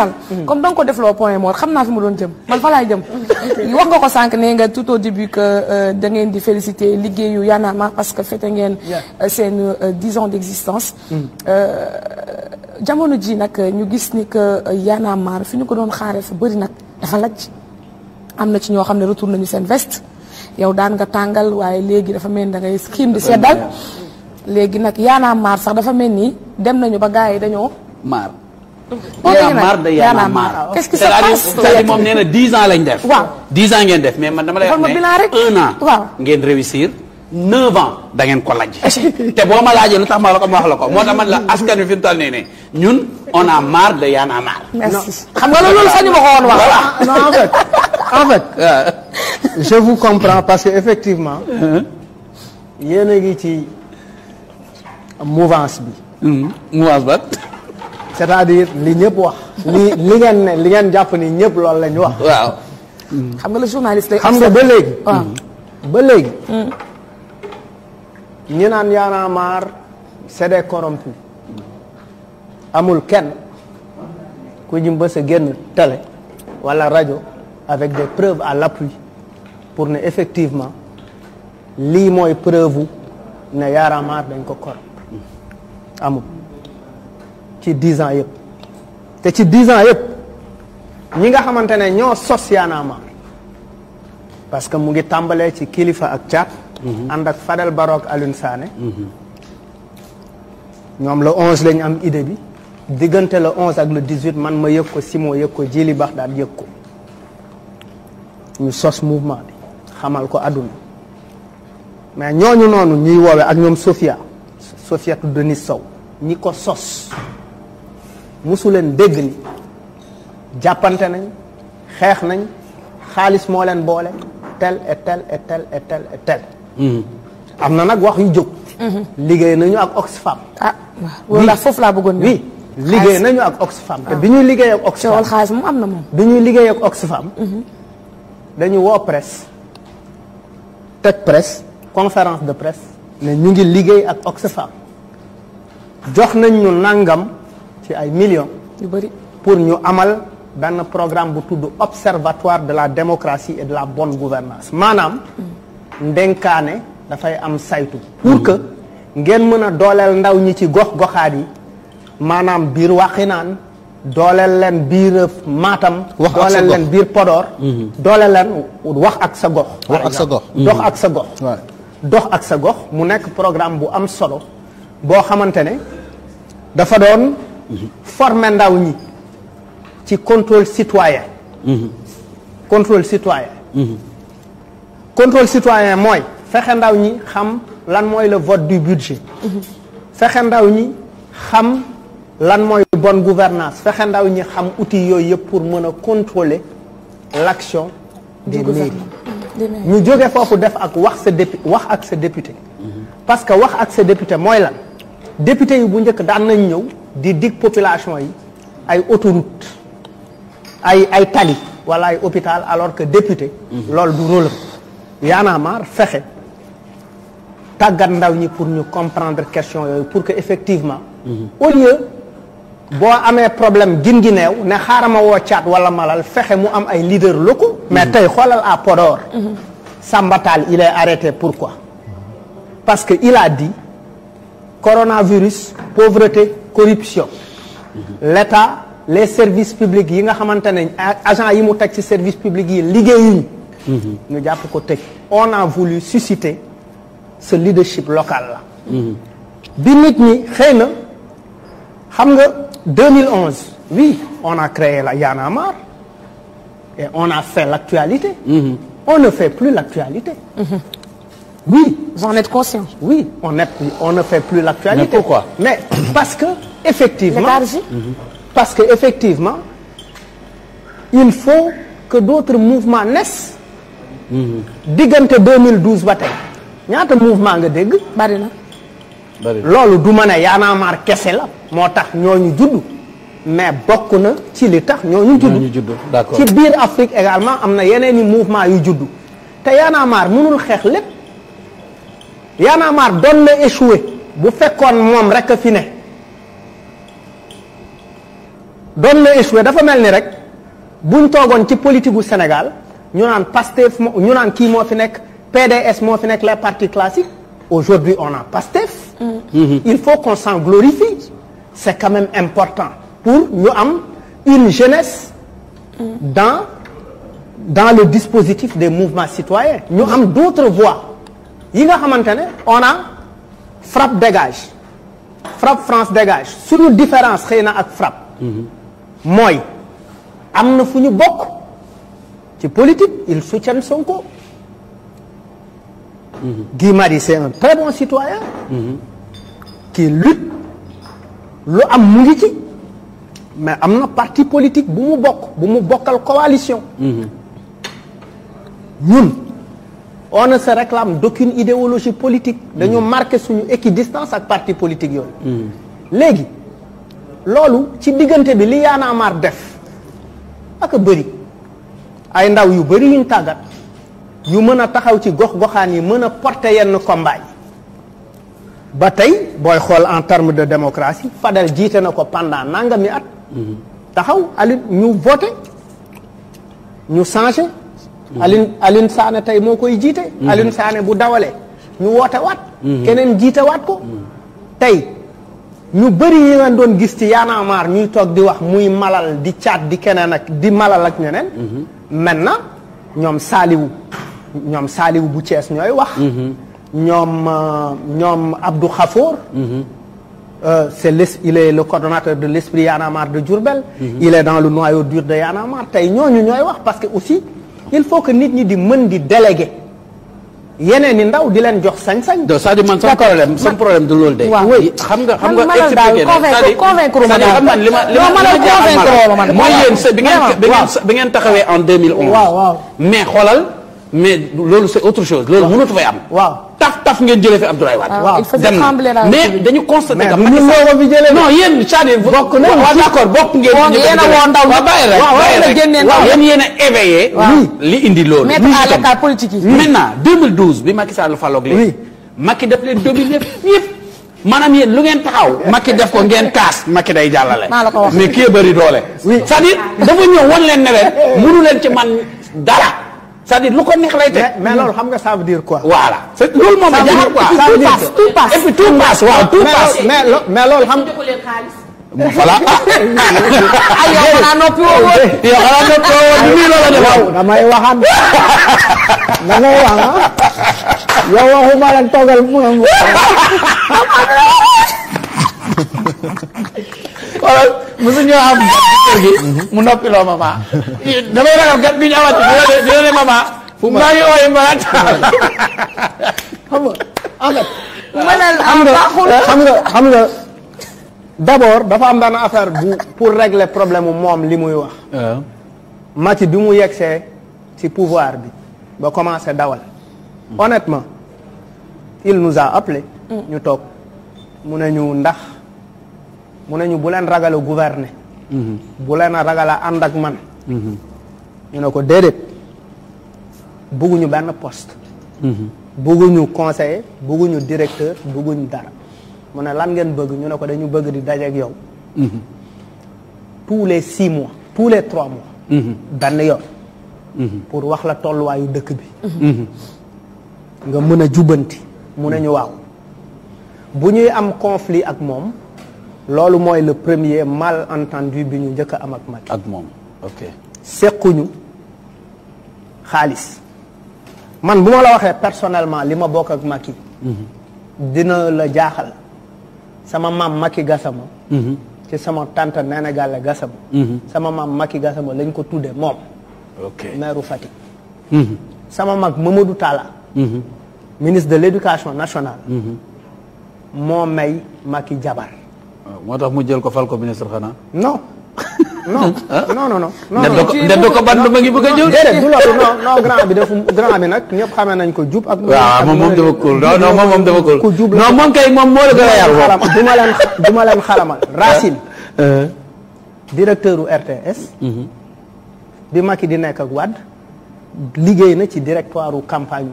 waral mm-hmm. comme danga ko defloo point mort xam naa fi mu doon jëm man fa laay jëm wax nga ko sànq nee nga tout au début que euh, da ngeen di féliciter liggéeyu Y'en parce que fête ngeen euh, seen euh, dix ans d'existence mm. jamono ji nag ñu gis ni que Y'en a marre fi ñu ko doon xaaree fa bëri nag dafa laj am na ci ñoo xam ne retour nañu seen veste yow daan nga tàngal waaye léegi dafa mel ni da ngay xiim di seddal léegi nag Y'en sax dafa mel nii dem nañu ba gars yi dañoo yaa maar de yaa la maar qu'est-ce qui se passe moom nee na ans lañ def. waaw ngeen def mais man dama lay wax ne 1 an. waaw ngeen réussir. neuf ans da ngeen ko laaj te boo ma laajee lu tax ma la ko wax la ko moo tax man la askan wi fi mu toll ñun on a marre de Y'en a marre. merci je vous comprends parce que effectivement. yéen a ngi ci mouvance bi. mouvance ba. c'est-à-dire li ñëpp wax. li li ngeen ne li ngeen jàpp ni ñëpp loolu la ñu wax. waaw. xam nga le journaliste lay. xam nga ba léegi. Ah. ba léegi. Hmm. ñi naan Y'en a marre c'est des corrompus amul kenn ku ñu mbës a génn télé wala rajo avec des preuves à l'appui pour ne effectivement lii mooy preuve ne Y'en a marre dañ ko corrompre amul. ci dix ans yëpp te ci dix ans yëpp ñi nga xamante ne ñoo sos Y'en a parce que mu ngi tàmbalee ci kilifa ak caat mhm. ànd ak Fadel Barok Alioune Sané mhm. ñoom la onze lañu am idée bi diggante la onze ak le dix-huit man ma yëg ko Simon yëg ko Jili Baxdaad yëg ko ñu sos mouvement bi xamal ko àdduna mais ñooñu noonu ñuy woowee ak ñoom Sofia Sofiatou Denis Sow ñi ko sos mosu leen dégg ni jàppante nañ xeex nañ xaalis moo leen boole tel tel tel tel hmm. am na nag wax yu jóg. Hmm. liggéey nañu ak Oxfam. ah wala laa bëggoon oui liggéey nañu ak Oxfam. te ah. bi ñuy liggéey ak Oxfam am na moom. ñuy liggéey ak Oxfam. Hmm. dañu woo presse. teg presse conférence de presse. ne ñu ngi liggéey ak Oxfam. jox nañ ñu nangam. ci ay millions yu bari pour ñu amal ben programme bu tudd observatoire de la démocratie et de la bonne gouvernance maanaam ndenkaane fay am saytu pour que ngeen mëna a ndaw ñi ci gox goxaat yi maanaam biir waxinaan dooleel bir biir maatam dooleel len bir podor mhm. dolel len wax ak sa gox wax ak sa gox dox mhm. ak sa gox dox ak sa gox mu nek programme bu am solo bo xamantene dafa don former ndaw ñi ci contrôle citoyen mhm. contrôle citoyen mhm. contrôle citoyen mooy fexe ndaw ñi xam lan mooy le vote du budget mhm. fexe ndaw ñi xam lan mooy bonne gouvernance fexe ndaw ñi xam outils yooyu pour mën contrôler l'action des mairies ñu devons faire def ak wax sa député wax ak député parce que wax ak sa député mooy lan député yi bu njëkk daan nañ ñëw des dig population yi ay autoroute ay ay tali wala ay hôpital alors que député mhm. loolu du rôle Y'en a marre fexe tàggat ndaw ñi pour ñu comprendre question yooyu pour que effectivement mhm. au lieu boo amee problème gin gi neew ne xaaral woo caat wala malal fexe mu am ay leader locaux mhm. mais tey xoolal à Podor Sambatal il est arrêté pourquoi parce que il a dit coronavirus pauvreté corruption l'État les services publics les nga de services agent yi mhm. on a voulu susciter ce leadership local là 2011 mhm. oui on a créé la Yanamar et on a fait l'actualité mhm. on ne fait plus l'actualité oui. Vous en êtes conscient Oui, on, est, on ne fait plus l'actualité. Mais pourquoi Mais parce que, effectivement, mhm. parce que, effectivement, il faut que d'autres mouvements naissent. Mhm. diggante 2012 bataille. tey ñaata mouvement nga dégg. bari na. loolu du ma ne yaanaa maar kese la là. tax ñooñu judd mais beaucoup de, ci li tax ñoñu judd d'accord ci bir Afrique également amna na mouvements mouvement yu judd te yaanaa mar mënul xeex lépp Y'en a donne doon na échoué bu fekkoon moom rek donne fi ne doon na échoué dafa mel rek buñ ci politique au Sénégal ñu naan Pastef ñu naan kii moo fi PDS moo fi nekk les partis classiques aujourd'hui on a Pastef mm-hmm. Mm-hmm. il faut qu'on s'en glorifie c'est quand même important pour ñu am une jeunesse mm-hmm. dans dans le dispositif des mouvements citoyens ñu am d'autres voies yi nga xamante ne on a frappe dégage frappe France dégage suñu différence xëy na ak frappe mhm. mooy am na fu ñu bokk ci politique il soutient Sonko mhm. Guy Marius c'est un très bon citoyen mhm. qui lutte lu am mu ngi ci mais am na parti politique bu mu bokk bu mu bokkal coalition ñun on ne se réclame d'aucune idéologie politique dañu mm. marqué suñu équidistance à parti politique yooyu mm. léegi lolo, ci diggante bi li Y'en a def ak a ay ndaw yu a taxaw ci combat en termes de démocratie Fadel a dit pendant nangami at mm-hmm. taxaw new ñu voter, ñu Alioune Alioune Sané tey moo koy jiite mm-hmm. Alioune Sané bu dawalee ñu woote waat mm-hmm. keneen jiite waat ko mm-hmm. tey ñu bëri yi doon gis ci yaanaamaar ñuy toog di wax muy malal di caat di keneen ak di malal ak ñeneen na ñoom saaliwu ñoom saaliwu bu Cees ñooy wax ñoom euh, ñoom Abdou Khafour euh, c'est l' il est le coordonnateur de l'esprit Yaanamar de Diourbel il est dans le noyau dur de Yaanamar tey ñooñu ñooy wax parce que aussi il faut que nit ñi di mën di déléguer yeneen ni ndaw di leen jox sañ-sañ. do cest man problème sama problème de. xam nga xam nga cest à convaincre ma ma en 2011. mais xoolal mais c'est autre chose. fay am waaw. taf taf ngeen jëlee fi Abdoulaye Wade. waaw ah, il faut mais dañu constaté que. mais non yéen cest a a éveillé. li indi loolu. bi Macky Sall faloog léegi. Macky daf leen dominer yëpp. maanaam yéen lu ngeen taxaw Macky def ko ngeen kaas Macky day jàllale. mais kii bëri doole. c'est-à-dire dafa ñëw wan leen ne leen leen ci man dara. c'est-à-dire lu ko neex lay teg. mais loolu xam nga ça veut dire quoi. voilà c'est loolu moom la jaaxal quoi. ça veut dire tout passe et puis tout passe waaw tout passe. mais mais loolu xam. voilà. ay ah, yow xanaa noppi woo woon. yow xanaa noppi woo woon nii loola defoon. damay waxaat da ngay wax ah. yow waxuma la toogal mu ne mu. mosu ñoo am kër gi mu noppi loo mama damay ragal gat bi ñu amati dina ne mama maa ngi ooy mbaat xam nga en fait mënal am baaxul xam nga xam nga d'abord dafa am benn affaire bu pour régler problème mu moom li muy wax ah. mati bi mu yegsee ci pouvoir bi ba commencé dawal mm. honnêtement il nous a appelé mm. ñu toog mu ne ñu ndax mu ne ñu bu leen ragal a gouverner. Mhm. bu leen a ragal ànd ak man. Mhm. ñu ne ko déedéet bugguñu benn poste. Mhm. bugguñu conseiller bugguñu directeur bugguñu dara mu ne lan ngeen bëgg ñu ne ko dañu bëgg di dajeek yow. tous les six mois tous les trois mois. benn yoon. pour wax la tolluwaayu dëkk bi. nga mën a jubbanti. mu ne ñu waaw bu ñuy am conflit ak moom. loolu mooy le premier malentendu bi ñu njëkk a am ak Macky ak moom ok sequñu xaalis man bu ma la waxee personnellement li ma bokk ak Macky mhm. dina la jaaxal sama maam Macky gasama mhm. ci sama tante Néné Galle Gassama mhm. sama maam Macky Gassama lañ ko tuddee moom ok maire Fatick sama mag Mamadou Talla ministre de l' éducation nationale moo may Macky jabar Moi, ko ministre ah? non non. non non non non. non non non non non non Non, non, non. non non non non grand non non non non non non non non non non non non non non non non non non. non Non, non non. non non non non Racine. Ah. Ah. directeur du RTS. Mhm. campagne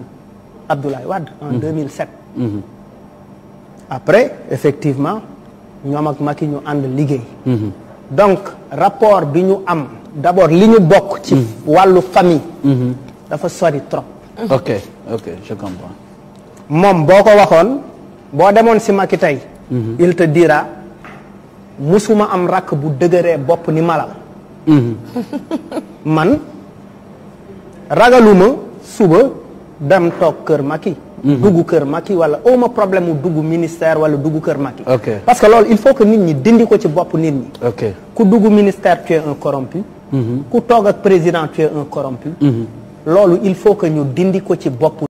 Abdoulaye en 2007. Mhm. Mhm. après effectivement. ñoom ak Macky ñu ànd liggéey. Mhm. donc rapport bi ñu am d'abord li ñu bokk. ci mhm. wàllu famille. Mhm. dafa sori trop. ok moom boo ko waxoon boo demoon si Macky tey. il te dira musuma am rakk bu dëgëree bopp ni malal. man ragaluma suba dem toog kër Macky. Mm-hmm. dugg kër Macky wala aw ma problème mu dugg ministère wala dugg kër Macky parce que loolu il faut que nit ñi dindi ko ci bopp nit ñi ku dugg ministère tu es un corrompu mm-hmm. ku toog ak président tu es un corrompu mm-hmm. loolu il faut que ñu dindi ko ci bopp